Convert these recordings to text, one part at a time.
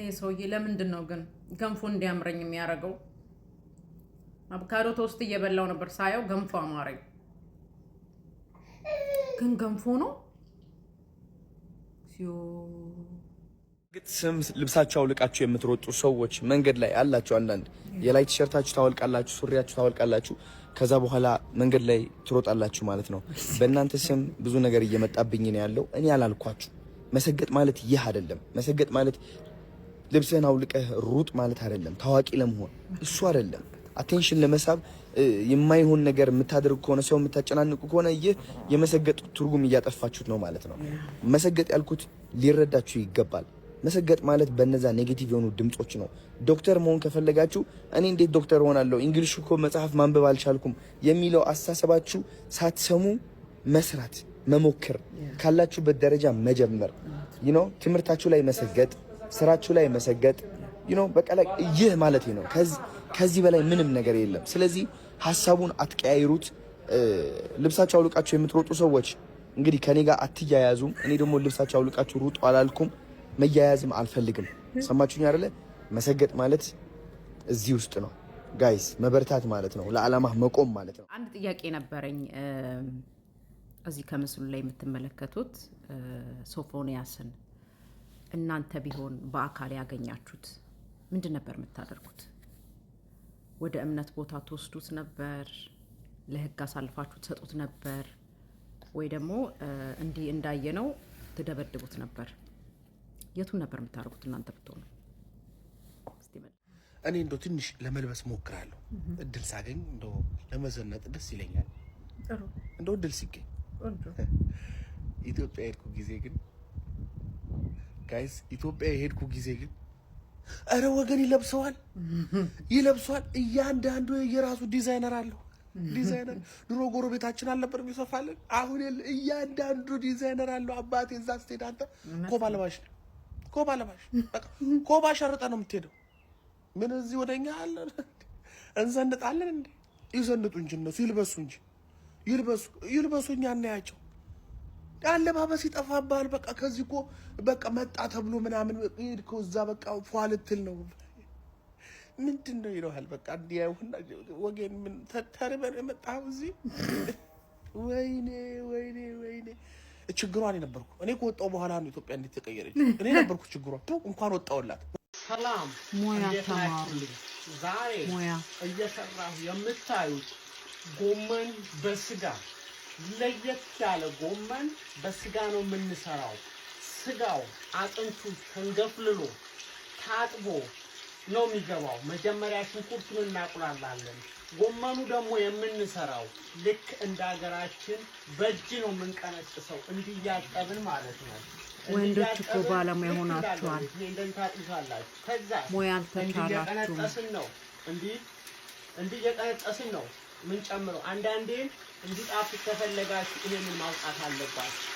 ይሄ ሰውዬ ለምንድን ነው ግን ገንፎ እንዲያምረኝ የሚያደርገው? አቮካዶ ቶስት እየበላው ነበር ሳየው ገንፎ አማረኝ። ግን ገንፎ ነው። ስም ልብሳችሁ አውልቃችሁ የምትሮጡ ሰዎች መንገድ ላይ አላችሁ። አንዳንድ የላይ ቲሸርታችሁ ታወልቃላችሁ፣ ሱሪያችሁ ታወልቃላችሁ። ከዛ በኋላ መንገድ ላይ ትሮጣላችሁ ማለት ነው። በእናንተ ስም ብዙ ነገር እየመጣብኝ ነው ያለው። እኔ አላልኳችሁ። መሰገጥ ማለት ይህ አይደለም። መሰገጥ ማለት ልብስህን አውልቀህ ሩጥ ማለት አይደለም። ታዋቂ ለመሆን እሱ አይደለም። አቴንሽን ለመሳብ የማይሆን ነገር የምታደርግ ከሆነ ሰው የምታጨናንቁ ከሆነ ይህ የመሰገጥ ትርጉም እያጠፋችሁት ነው ማለት ነው። መሰገጥ ያልኩት ሊረዳችሁ ይገባል። መሰገጥ ማለት በነዛ ኔጌቲቭ የሆኑ ድምፆች ነው። ዶክተር መሆን ከፈለጋችሁ እኔ እንዴት ዶክተር እሆናለሁ እንግሊሽ እኮ መጽሐፍ ማንበብ አልቻልኩም የሚለው አስተሳሰባችሁ ሳትሰሙ መስራት፣ መሞከር፣ ካላችሁበት ደረጃ መጀመር፣ ትምህርታችሁ ላይ መሰገጥ ስራችሁ ላይ መሰገጥ ዩ ኖ በቃ ይህ ማለት ነው። ከዚህ በላይ ምንም ነገር የለም። ስለዚህ ሀሳቡን አትቀያይሩት። ልብሳችሁ አውልቃችሁ የምትሮጡ ሰዎች እንግዲህ ከኔ ጋር አትያያዙም። እኔ ደግሞ ልብሳችሁ አውልቃችሁ ሩጡ አላልኩም፣ መያያዝም አልፈልግም። ሰማችሁኝ አይደለ? መሰገጥ ማለት እዚህ ውስጥ ነው ጋይስ፣ መበርታት ማለት ነው። ለዓላማ መቆም ማለት ነው። አንድ ጥያቄ ነበረኝ። እዚህ ከምስሉ ላይ የምትመለከቱት ሶፎንያስን እናንተ ቢሆን በአካል ያገኛችሁት ምንድን ነበር የምታደርጉት? ወደ እምነት ቦታ ትወስዱት ነበር? ለህግ አሳልፋችሁ ትሰጡት ነበር? ወይ ደግሞ እንዲህ እንዳየነው ትደበድቡት ነበር? የቱን ነበር የምታደርጉት እናንተ ብትሆኑ? እኔ እንደው ትንሽ ለመልበስ ሞክራለሁ። እድል ሳገኝ እንደው ለመዘነጥ ደስ ይለኛል። እንደው እድል ሲገኝ ኢትዮጵያ የሄድኩ ጊዜ ግን ጋይስ ኢትዮጵያ የሄድኩ ጊዜ ግን እረ ወገን ይለብሰዋል ይለብሷል። እያንዳንዱ የራሱ ዲዛይነር አለው። ዲዛይነር ድሮ ጎረቤታችን አልነበር ይሰፋልን። አሁን የለ። እያንዳንዱ ዲዛይነር አለው። አባቴ እዛ ስትሄድ አንተ ኮባ ለባሽ ኮባ ለባሽ ኮባ ሸርጠ ነው የምትሄደው። ምን እዚህ ወደ እኛ አለ እንዘንጣለን እንዴ? ይዘንጡ እንጂ እነሱ ይልበሱ እንጂ ይልበሱ ይልበሱ እኛ እናያቸው አለባበስ ይጠፋብሃል። በቃ ከዚህ እኮ በቃ መጣ ተብሎ ምናምን ሄድከው እዛ በቃ ፏ ልትል ነው ምንድን ነው ይለሃል። በቃ እንዲያይሁና ወገን ምን ተርበን የመጣኸው እዚህ ወይኔ ወይኔ ወይኔ ችግሯ እኔ ነበርኩ። እኔ ከወጣው በኋላ ነው ኢትዮጵያ እንዴት ተቀየረች። እኔ ነበርኩ ችግሯ። እንኳን ወጣውላት። ሰላም ሙያ ተማሩ። ዛሬ እየሰራሁ የምታዩት ጎመን በስጋ ለየት ያለ ጎመን በስጋ ነው የምንሰራው። ስጋው አጥንቱ ተንገፍልሎ ታጥቦ ነው የሚገባው። መጀመሪያ ሽንኩርቱን እናቁላላለን። ጎመኑ ደግሞ የምንሰራው ልክ እንደ ሀገራችን በእጅ ነው የምንቀነጭሰው፣ እንዲያጠብን ማለት ነው። ወንዶች እኮ ባለሙያ ሆናችኋል። እንደንታጥሳላችሁ ከዛ ሙያ እንዲያቀነጠስን ነው እንዲህ እንዲህ እየቀነጠስን ነው ምንጨምረው አንዳንዴ እንዲጣፍ ከፈለጋችሁ ይሄንን ማውጣት አለባችሁ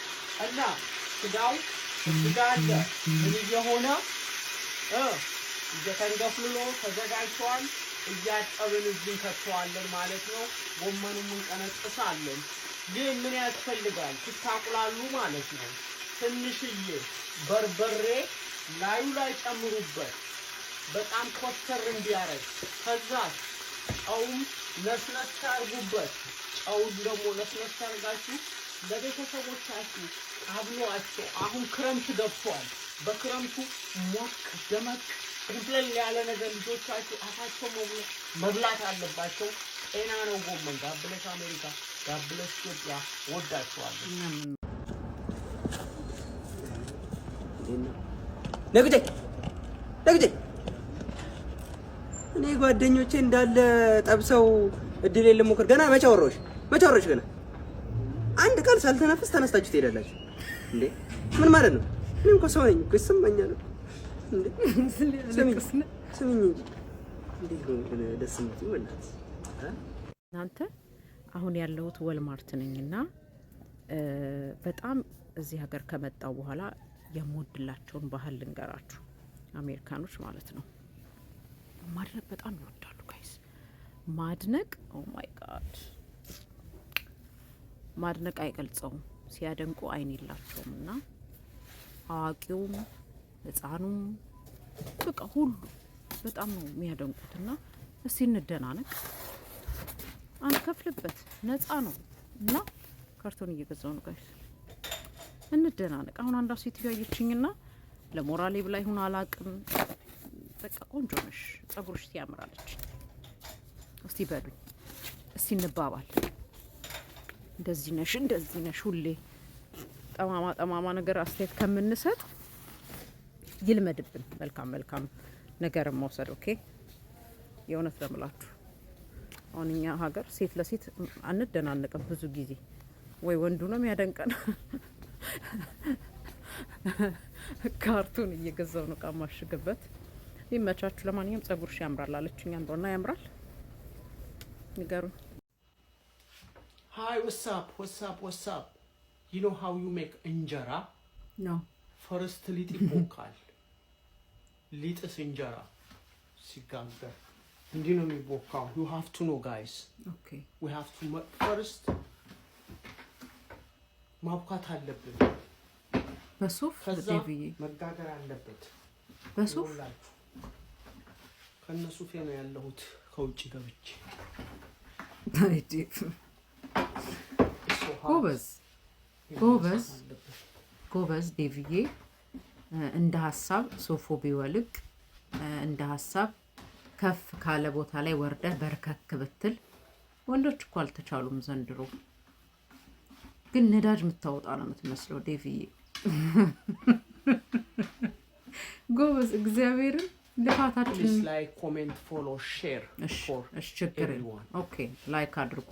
እና ስጋው ስጋ አለ ምን እየሆነ እየተንገፍልሎ ተዘጋጅቷል። እያጠብን እዚህ ከተዋለን ማለት ነው። ጎመኑም እንቀነጥሳለን። ግን ምን ያስፈልጋል? ስታቁላሉ ማለት ነው ትንሽዬ በርበሬ ላዩ ላይ ጨምሩበት፣ በጣም ኮስተር እንዲያረግ። ከዛ ጨውም ነስነስ አርጉበት ጨውን ደግሞ ለስለስ አድርጋችሁ ለቤተሰቦቻችሁ አብሏቸው። አሁን ክረምት ገብቷል። በክረምቱ ሞቅ ደመቅ ቅልል ያለ ነገር ልጆቻችሁ አፋቸው መብላት አለባቸው። ጤና ነው ጎመን። ጋብለስ አሜሪካ፣ ጋብለስ ኢትዮጵያ። ወዳችኋለሁ። ነግዴ ነግዴ እኔ ጓደኞቼ እንዳለ ጠብሰው እድል የለም ሞክር። ገና መቼ አወራሁሽ መቼ አወራሁሽ ገና አንድ ቃል ሳልተነፍስ ተነስታችሁ ትሄዳላችሁ እንዴ? ምን ማለት ነው? እኔ እንኳን ሰው ነኝ እኮ ይሰማኛል ነው እንዴ? እናንተ አሁን ያለሁት ወልማርት ነኝና በጣም እዚህ ሀገር ከመጣው በኋላ የምወድላቸውን ባህል ልንገራችሁ። አሜሪካኖች ማለት ነው ማድረግ በጣም ይወዳሉ። ማድነቅ ኦ ማይ ጋድ ማድነቅ አይገልጸውም። ሲያደንቁ አይን የላቸውም እና አዋቂውም ህፃኑም በቃ ሁሉ በጣም ነው የሚያደንቁት። እና እስቲ እንደናነቅ፣ አንከፍልበት፣ ነፃ ነው እና ካርቶን እየገዛው ነው ጋይስ፣ እንደናነቅ። አሁን አንዷ ሴትዮ አየችኝና ለሞራሌ ብላ ይሁን አላቅም፣ በቃ ቆንጆ ነሽ፣ ጸጉርሽ ያምራለች እስቲ በሉኝ፣ እስቲ እንባባል። እንደዚህ ነሽ፣ እንደዚህ ነሽ፣ ሁሌ ጠማማ ጠማማ ነገር አስተያየት ከምንሰጥ ይልመድብን መልካም መልካም ነገር መውሰድ። ኦኬ የእውነት ለምላችሁ አሁን እኛ ሀገር ሴት ለሴት አንደናነቅም። ብዙ ጊዜ ወይ ወንዱ ነው የሚያደንቀን ካርቱን እየገዛው ነው እቃ ማሽግበት ይመቻችሁ። ለማንኛውም ጸጉርሽ ያምራል አለችኝ አንዷና ያምራል ንገሩ። ሀይ ወሳፕ ወሳፕ ወሳፕ ዩ ኖ ሀው ዩ ሜክ እንጀራ ኖ ፈርስት ሊጥ ይቦካል። ሊጥስ እንጀራ ሲጋገር እንዲህ ነው የሚቦካው። ዩ ሃቭ ቱ ኖ ጋይስ ዊ ሃቭ ቱ ፈርስት ማብኳት አለብን። በሱፍ ከዛ መጋገር አለበት። በሱፍ ከነሱፌ ነው ያለሁት ከውጭ ገብቼ ጎበዝ ጎበዝ ጎበዝ ዴቪዬ እንደ ሀሳብ ሶፎ ቢወልቅ eh, እንደ ሀሳብ ከፍ ካለ ቦታ ላይ ወርደህ በርከክ ብትል ወንዶች እኮ አልተቻሉም ዘንድሮ። ግን ነዳጅ የምታወጣ ነው የምትመስለው ዴቪዬ ጎበዝ እግዚአብሔርን ልፋታችን ችግር ኦኬ፣ ላይክ አድርጉ፣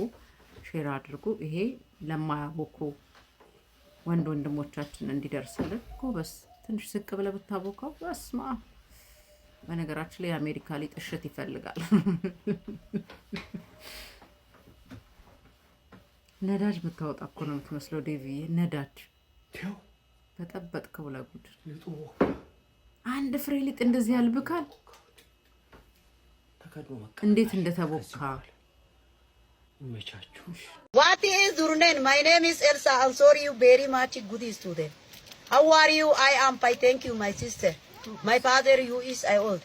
ሼር አድርጉ። ይሄ ለማያቦኩ ወንድ ወንድሞቻችን እንዲደርስልን ጎበስ። ትንሽ ዝቅ ብለህ ብታቦካው በስማ። በነገራችን ላይ የአሜሪካ ሊጥ እሽት ይፈልጋል። ነዳጅ የምታወጣ እኮ ነው የምትመስለው ዴቪዬ። ነዳጅ በጠበጥከው ለጉድ አንድ ፍሬ ሊጥ እንደዚህ ያልብካል። እንዴት እንደተቦካ ይመቻችሁ። ዋት ኢዝ ዩር ኔም? ማይ ኔም ኢዝ ኤልሳ አም ሶሪ ዩ ቬሪ ማች ጉድ ስቱደንት ሃው አር ዩ? አይ አም ፋይን ታንክ ዩ ማይ ሲስተር ማይ ፋዘር ዩ ኢዝ አይ ኦልድ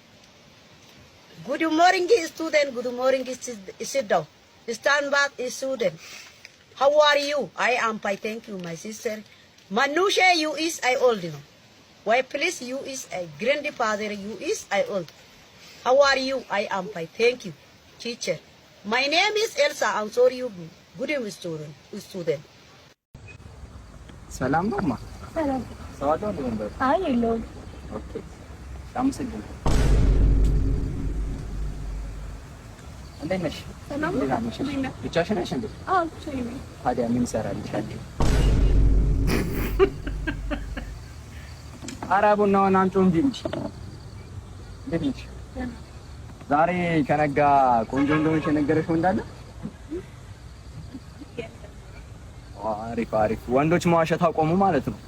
ጉድ ሞርኒንግ ስቱደንት ጉድ ሞርኒንግ ሲት ዳውን ስታንድ ባክ ስቱደንት ሃው አር ዩ? አይ አም ፋይን ታንክ ዩ ማይ ሲስተር ማኑሼ ዩ ኢዝ አይ ኦልድ ነው why please you is a grandfather, you is a old. How are you? I am fine. Thank you. Teacher. My name is Elsa. I'm sorry you good student student. ሰላም ነው ማ ሰላም Salam. አለ ነው ነበር አይ የለውም ኦኬ ታምሰግን እንዴት ነሽ ሰላም ነሽ ብቻሽን ነሽ እንዴ አዎ ብቻዬን ታዲያ ምን ሰራልሽ ኧረ ቡናውን አምጪው እንጂ እንጂ ዛሬ ከነጋ ቆንጆ እንደሆነች የነገረሽው እንዳለ አሪፍ አሪፍ ወንዶች መዋሸት አቆሙ ማለት ነው።